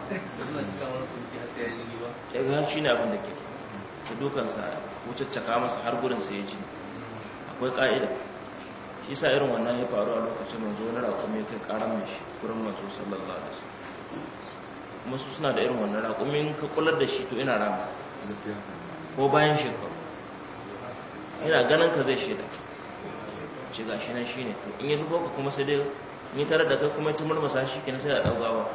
ya shi ne abin da ke ta dukansa wuce-caka masa har gudun sai ya ji akwai ƙa'ida shi sa irin wannan ya faru a lokacin manzo na raƙumi kai ƙaran mai shi kurin masu sallallahu alaihi kuma su suna da irin wannan raƙumin ka kular da shi to ina rama ko bayan shekaru ina ganin ka zai shaida ce ga shi nan shi ne to in yi zubo ka kuma sai dai ni tare da kai kuma ta murmasa shi kenan sai da daugawa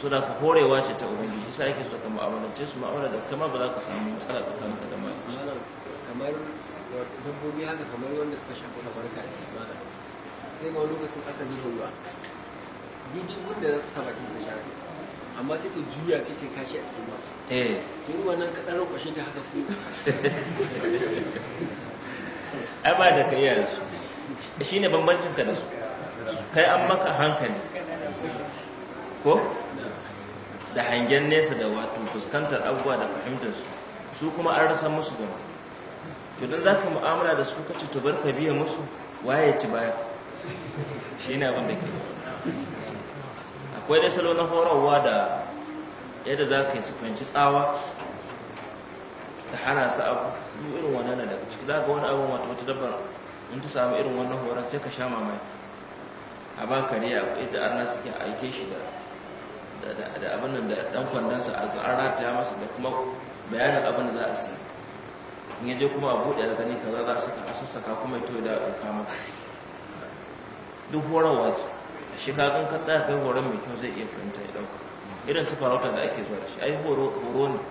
su da horewa ce ta shi sai ake so ka mu'amalance su mu'amala da kama ba za ka samu matsala tsakanin ka da mai kamar dabbobi haka kamar wanda suka shafi na barka a cikin mana sai ma lokacin aka zuba ruwa duk wanda za ka saba kin da shafi amma sai ka juya sai ka kashi a cikin ba eh duk wannan ka dan rokwashe ta haka ko ai ba da kai yanzu da shine bambancin ka da su kai an maka hankali ko da hangen nesa da wato fuskantar abubuwa da fahimtar su su kuma an rasa musu gama to za ka mu'amala da su kacce to ka biya musu waye ci baya shine abin da ke akwai da salo na horarwa da yadda za ka yi sufanci tsawa ta hana su abu irin wanana daga ciki za ka wani abu wata dabbar in ta samu irin wannan horon sai ka sha mamaki a ba kare a kuɗi da arna suke aike shi da abin da dan kwandonsa a an ta masa da kuma bayanin abin da za a siya in yaje kuma a buɗe da gani kaza za su ka sassaka kuma ya da ɗauka maka duk horon ce a shiga gan ka tsaya kai horon mai kyau zai iya fahimta ya ɗauka irin su farauta da ake zuwa da shi ai horo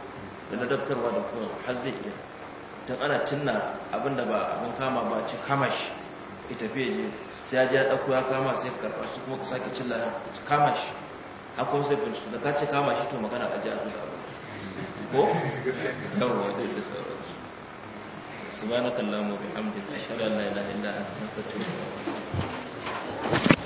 ne da daftarwa da kowa har zai iya tun ana tunna abinda ba abin kama ba ci kama shi ya tafi ya je sai ya ji ya ɗauko ya kama sai ya karɓa shi kuma ka sake cilla ci kama shi a sai sai su da ka ce kama shi to magana a ji a zuwa ko yawon wajen da sauransu subhanakallahumma bihamdika ashhadu an la ilaha illa anta astaghfiruka wa atubu